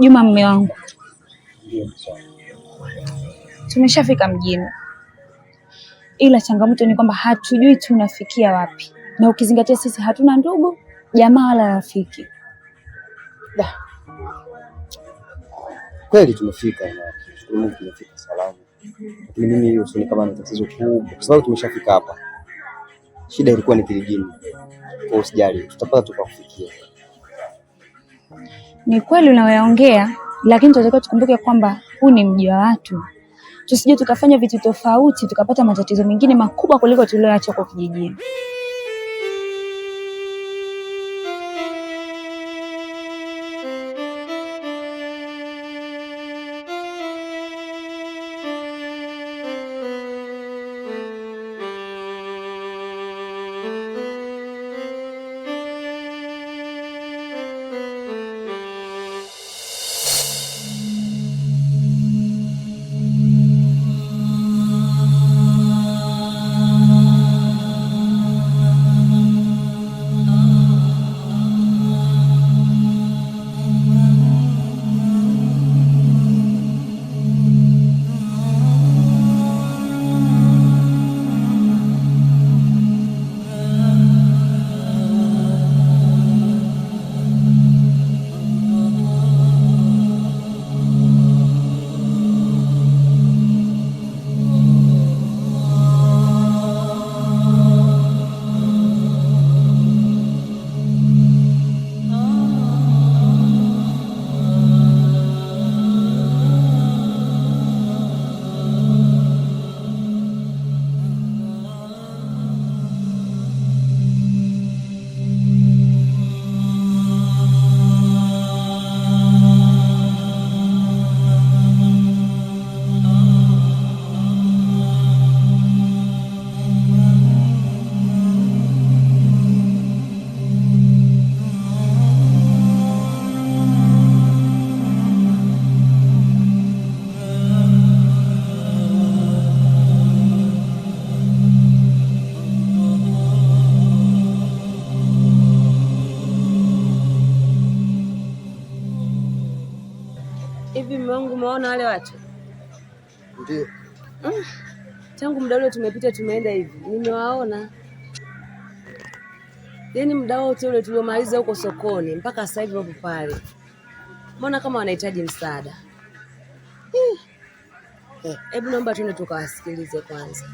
Juma, mme wangu, tumeshafika mjini, ila changamoto ni kwamba hatujui tunafikia wapi, na ukizingatia sisi hatuna ndugu jamaa wala rafiki. Kweli tumefika na tumefika salama, lakini mimi hiyo sioni kama ni tatizo kubwa, kwa sababu tumeshafika hapa. Shida ilikuwa ni kijijini. Usijali, tutapata tukakufikia. Ni kweli unayoyaongea, lakini tunatakiwa tukumbuke kwamba huu ni mji wa watu, tusije tukafanya vitu tofauti tukapata matatizo mengine makubwa kuliko tulioacha kwa kijijini. Tangu muda ule tumepita tumeenda hivi, nimewaona yaani muda wote ule tuliomaliza huko sokoni mpaka sasa hivi wapo pale, mbona kama wanahitaji msaada. Eh, hebu eh, naomba tuende tukawasikilize kwanza.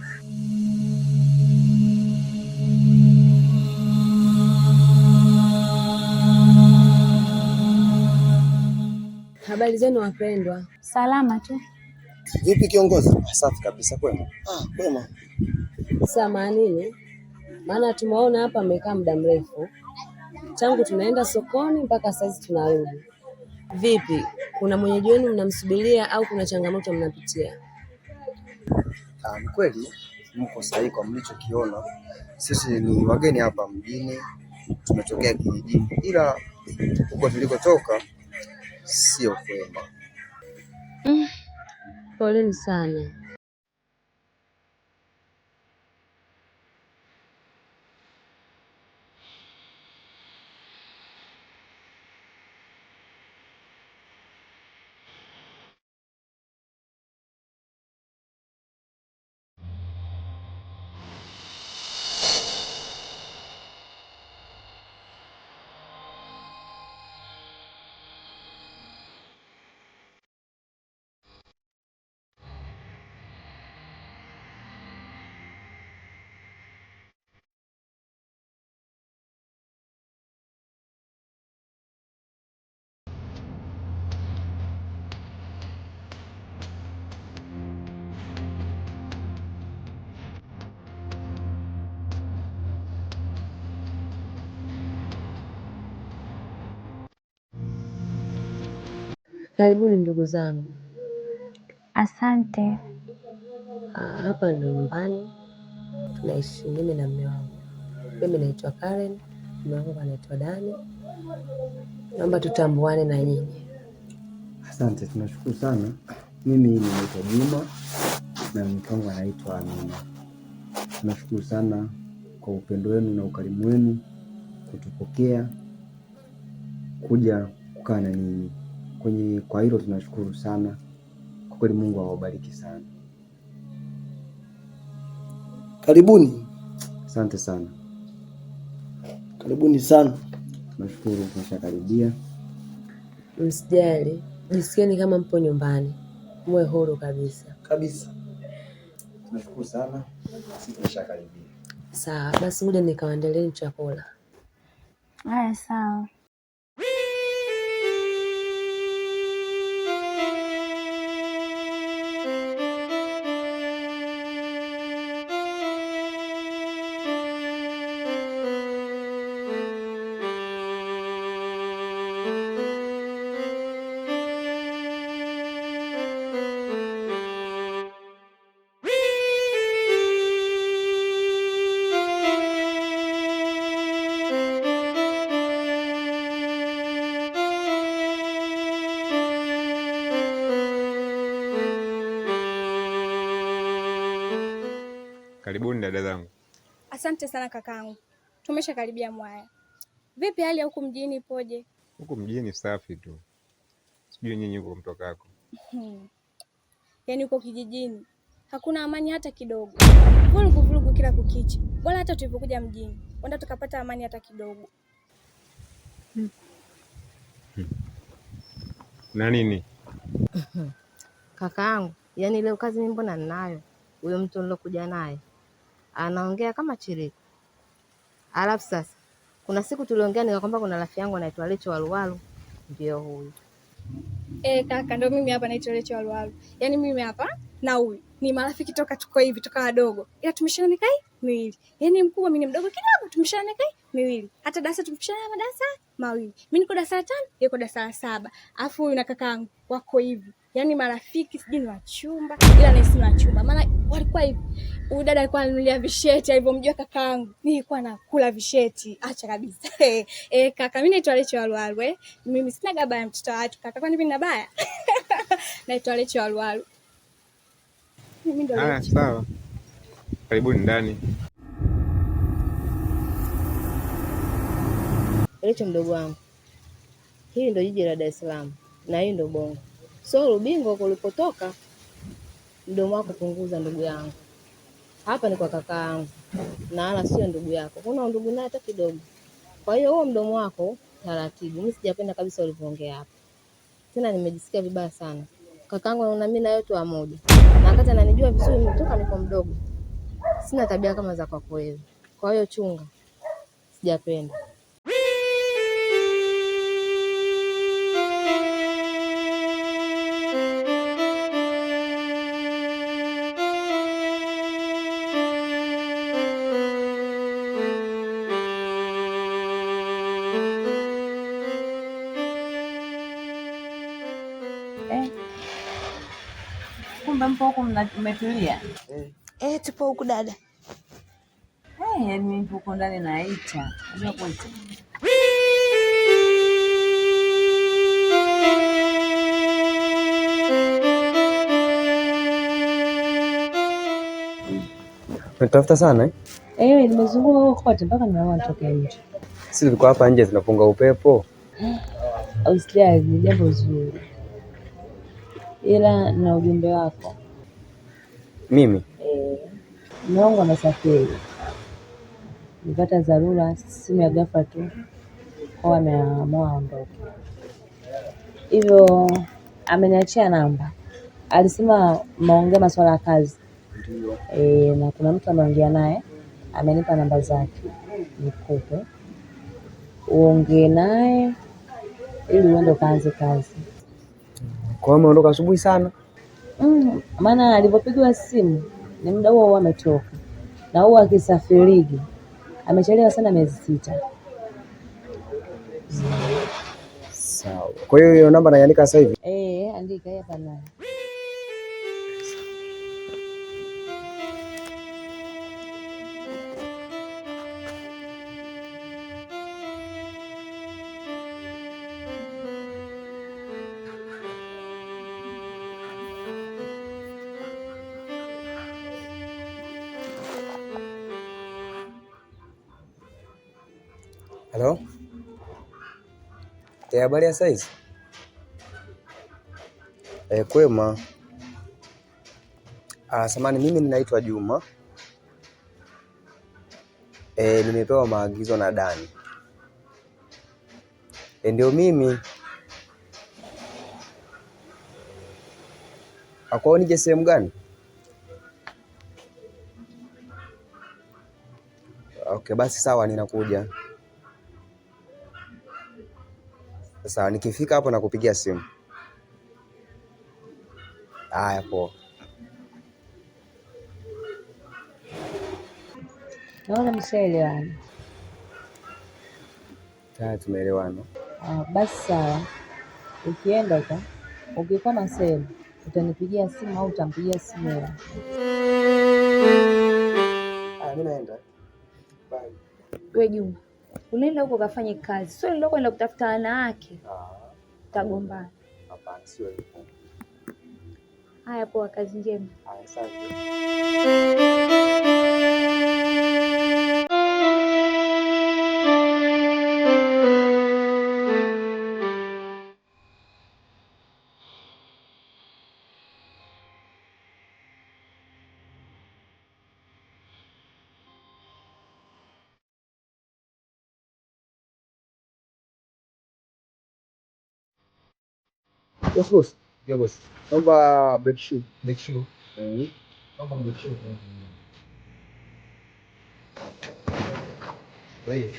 Habari zenu wapendwa? Salama tu. Vipi kiongozi? Ah, safi kabisa. Kwema? Ah, kwema. Samanini, maana tumeona hapa mmekaa muda mrefu tangu tunaenda sokoni mpaka saizi tunarudi. Vipi, kuna mwenyeji wenu mnamsubiria au kuna changamoto mnapitia? Ah, kweli mko sahihi kwa mlichokiona. Sisi ni wageni hapa mjini, tumetokea kijijini, ila huko tulikotoka sio kwema. Mm. Pole Karibuni ndugu zangu. Asante. Ah, hapa ni nyumbani tunaishi mimi na mume wangu. Mimi naitwa Karen, mume wangu anaitwa Dani. Naomba tutambuane na nyinyi. Asante, tunashukuru sana. Mimi ninaitwa Juma na mke wangu anaitwa Amina. Tunashukuru sana kwa upendo wenu na ukarimu wenu kutupokea kuja kukaa na nyinyi kwenye kwa hilo tunashukuru sana kwa kweli, Mungu awabariki sana. Karibuni, asante sana, karibuni sana. tunashukuru tumeshakaribia. Msijali, jisikieni kama mpo nyumbani, muwe huru kabisa kabisa. Tunashukuru sana, sisi tumeshakaribia. Sawa basi, ngoja nikawaandalie chakula. Haya, sawa. dada zangu. Asante sana kakaangu tumesha karibia mwaya. Vipi hali ya huku mjini poje Huku mjini safi tu, sijui nyinyi huko mtokako. Hmm. Yaani huko kijijini hakuna amani hata kidogo, vurugu vurugu kila kukicha, Bora hata tulipokuja mjini wenda tukapata amani hata kidogo. hmm. Hmm. na nini hmm. kakaangu, yaani leo kazi mimi mbona ninayo huyo mtu nilokuja naye anaongea kama chiriku. Alafu sasa kuna siku tuliongea kwamba kuna rafiki yangu anaitwa Lecho Waluwalu, ndio huyu. Eh, kaka ndo mimi hapa naitwa Lecho Waluwalu. Yaani mimi hapa na huyu ni marafiki toka tuko hivi toka wadogo, ila tumeshana hii miwili, yaani mkubwa mimi ni mdogo kidogo, tumeshana hii miwili, hata darasa tumeshana madarasa mawili. Mimi niko darasa la yeye yuko darasa la saba, alafu huyu na kakaangu wako hivi yani marafiki sijui ni wachumba, ila naisi wachumba. Maana walikuwa hivi, huyu dada alikuwa ananulia visheti alivyomjua kakaangu, nilikuwa nakula visheti, acha kabisa. E, kaka, mimi naitwa Lecho Walwalu, eh mimi sina gaba ya mtoto wa watu kaka, kwani mimi nina baya? naitwa Lecho Walwalu. Mimi ndo Lecho. Ah, sawa, karibuni ndani. Lecho mdogo wangu, hili ndo jiji la Dar es Salaam na hii ndo Bongo. So Rubingo kulipotoka mdomo wako punguza, ndugu yangu. Hapa ni kwa kaka yangu na ala sio ndugu yako, kuna ndugu naye hata kidogo. Kwa hiyo huo mdomo wako taratibu. Mimi sijapenda kabisa ulivyoongea hapa, tena nimejisikia vibaya sana. Kakaangu anaona mimi naye tu wamoja, na hata ananijua vizuri, nimetoka niko mdogo, sina tabia kama za kwako wewe. Kwa hiyo chunga, sijapenda. umetulia? Eh, Eh, tupo huku dada. Hey, eh, yaani nipo huko ndani naita Nitafuta sana eh? Eh, yaani nimezunguka huko kote mpaka nimeona nitoke nje. Sisi tulikuwa hapa nje tunapunga upepo. Usijali, ni jambo zuri, ila na ujumbe wako mimi eh, mlongo amesafiri, nipata dharura, simu ya ghafla tu kwao, ameamua aondoke, hivyo ameniachia namba. Alisema maongea masuala ya kazi e, na kuna mtu ameongea naye, amenipa namba zake, nikupe uongee naye ili uende ukaanze kazi. Kwa hiyo ameondoka asubuhi sana. Mm, maana alivyopigwa simu ni muda huo huo ametoka, na huo akisafiriji amechelewa sana miezi sita. Sawa, kwa hiyo hiyo namba naiandika sasa hivi. Eh, andika hapa naye. E, habari ya saizi? E, kwema. Ah, samani mimi ninaitwa Juma. E, nimepewa maagizo na Dani. E, ndio mimi akwao nije sehemu gani? Okay, basi sawa, ninakuja. Sasa nikifika hapo na kupigia simu. Haya, poa. Naona mshaelewana. Aa, tumeelewana. Ah, basi sawa, ukienda uka na sehemu utanipigia simu au utampigia simu wewe. Ah, mimi naenda. Bye. Wewe Juma unaenda huko kafanye kazi, sio ndio kwenda kutafuta wanawake utagombana. Ah, hapana, sio hivyo. Haya, poa, kazi njema. Asante. Eh. Yes, boss. Yeah, boss. Então vá break shoe. Break Então vá break shoe. Play.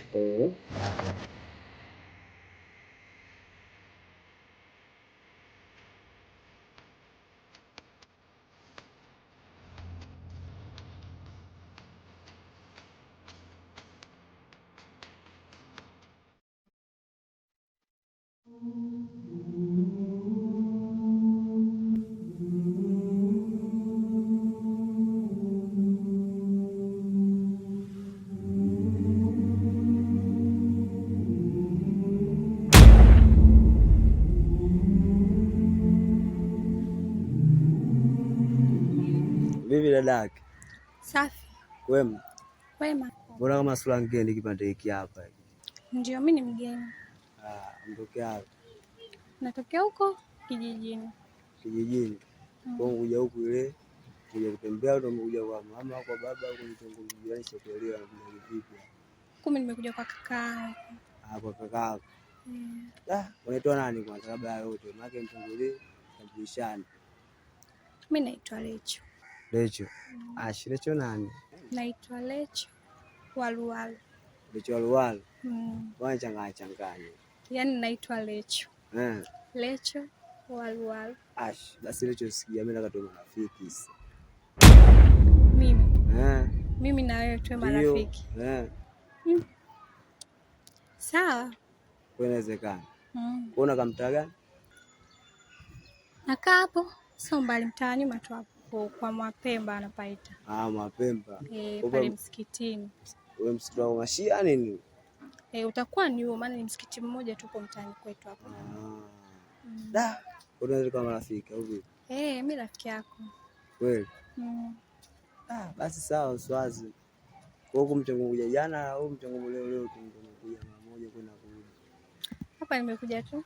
dada yake? Safi. Wema. Wema. Mbona kama sura ngeni kipande hiki hapa? Ndio, mimi ni mgeni. Ah, mtokea wapi? Natokea huko kijijini. Kijijini. Mm. Kwa Kwa kuja huku ile kuja kutembea au umekuja kwa mama au kwa baba au kumtongoza jirani sikuelewa kuna vipi? Kumbe nimekuja kwa kaka. Ah, kwa kaka. Mm. Ah, unaitwa nani kwanza kabla ya yote? Maana mtongolee kabishani. Mimi naitwa Lecho. Lecho. Mm. Ash, Lecho nani? Naitwa Lecho Walualu. Lecho Waluwalu. Mm. Bwana changa changanya. Yaani naitwa Lecho. Eh. Lecho Walualu. Ash, basi Lecho sikia mimi nataka tuwe marafiki Mimi. Eh. Mimi na wewe tuwe marafiki. Eh. Mm. Sawa. inawezekana. Mm. Unakaa kamtaga? gani? Nakaa hapo, sio mbali mtaani, mtu huko kwa Mapemba anapaita. Ah, Mapemba. Eh, pale msikitini. Wewe msikiti wa Mashia nini? Eh, utakuwa ni huo, maana ni msikiti mmoja tu tupo mtaani kwetu hapo. Ah. Mm. Da, unaweza kama rafiki au vipi? Eh, mimi rafiki yako kweli? Mm. Ah, basi sawa, usiwazi huku mchango kuja jana au mchango leo leo kuja moja kwenda kurudi hapa, nimekuja tu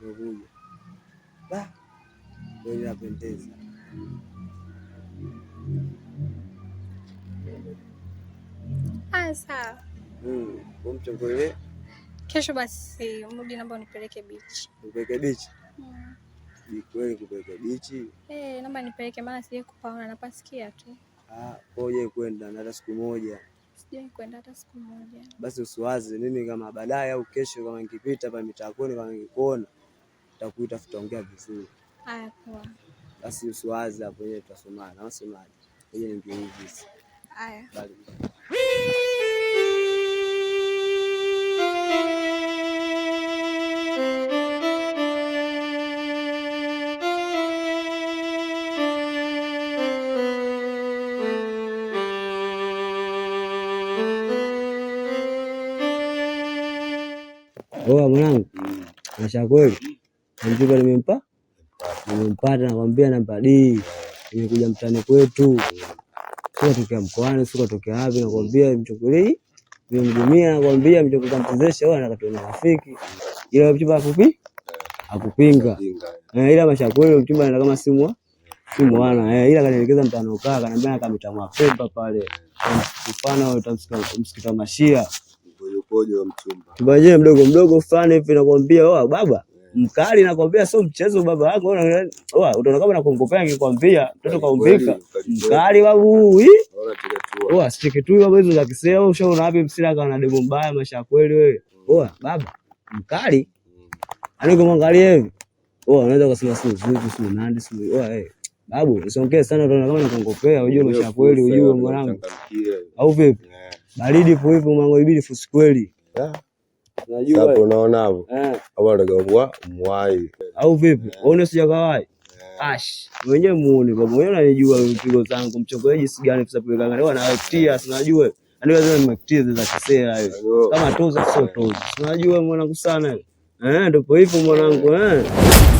nimekuja kweli napendeza. sawa. Mm, kesho basi mrudi, naomba unipeleke bichi. Nipeleke bichi? Mm. kweli kupeleke bichi? Eh, naomba nipeleke maana sijai kupaona napasikia tu. Ah, koje kwenda na hata siku moja. Sijai kwenda hata siku moja. Basi usiwaze mimi, kama baadaye au kesho, kama nikipita hapa kwenu, kama nikikuona nitakuita, tutaongea vizuri. Haya, poa. Basi usiwaze hapo, yeye tutasomana. Wasemaje? Yeye ndio hivi. Haya. Bali. Oa mwanangu, nasha kweli nimempa nimempata nakwambia, namba D imekuja mtani kwetu, sio tokea mkoani, sio tokea wapi, nakwambia mchukulii mjumia, nakwambia mchezeshe, anakatwa na rafiki, ila mchumba akupi akupinga, ila mashakuli mchumba kama simu simu wana, eh, ila kanielekeza mtani ukaa, kanambia nakamita mwapemba pale, mfano msikita mashia mchumba kibaje mdogo mdogo fulani hivi, nakwambia oh, baba mkali nakwambia, sio mchezo baba yangu. Utaona kama nakongopea nikikwambia, mtoto kaumbika mkali babu. Oa stiki tu baba, hizo za kisea ushaona wapi? Msira kana demo mbaya, maisha ya kweli wewe. Oa mm. baba mkali anikomwangalia hivi, oa unaweza kusema sio zuri, sio nandi, sio oa eh Babu, usiongee sana, utaona kama nakongopea. Ujue maisha ya kweli, ujue mwanangu, au vipi? Baridi ipo hivyo mwanangu, ibidi fusi kweli hapo unaona hapo. Eh. Hapo atakapokuwa mwai. Au vipi? Uone eh. sija kawai. Eh. Ash, mwenyewe muone kwa mwenyewe unanijua mpigo zangu, mchongoaji si gani kwa sababu kanga tia sinajua. Ndio yaani zile nimekitia za kisera hiyo. Kama toza sio toza. Unajua mwanangu sana. Eh, ndipo hivyo mwanangu eh.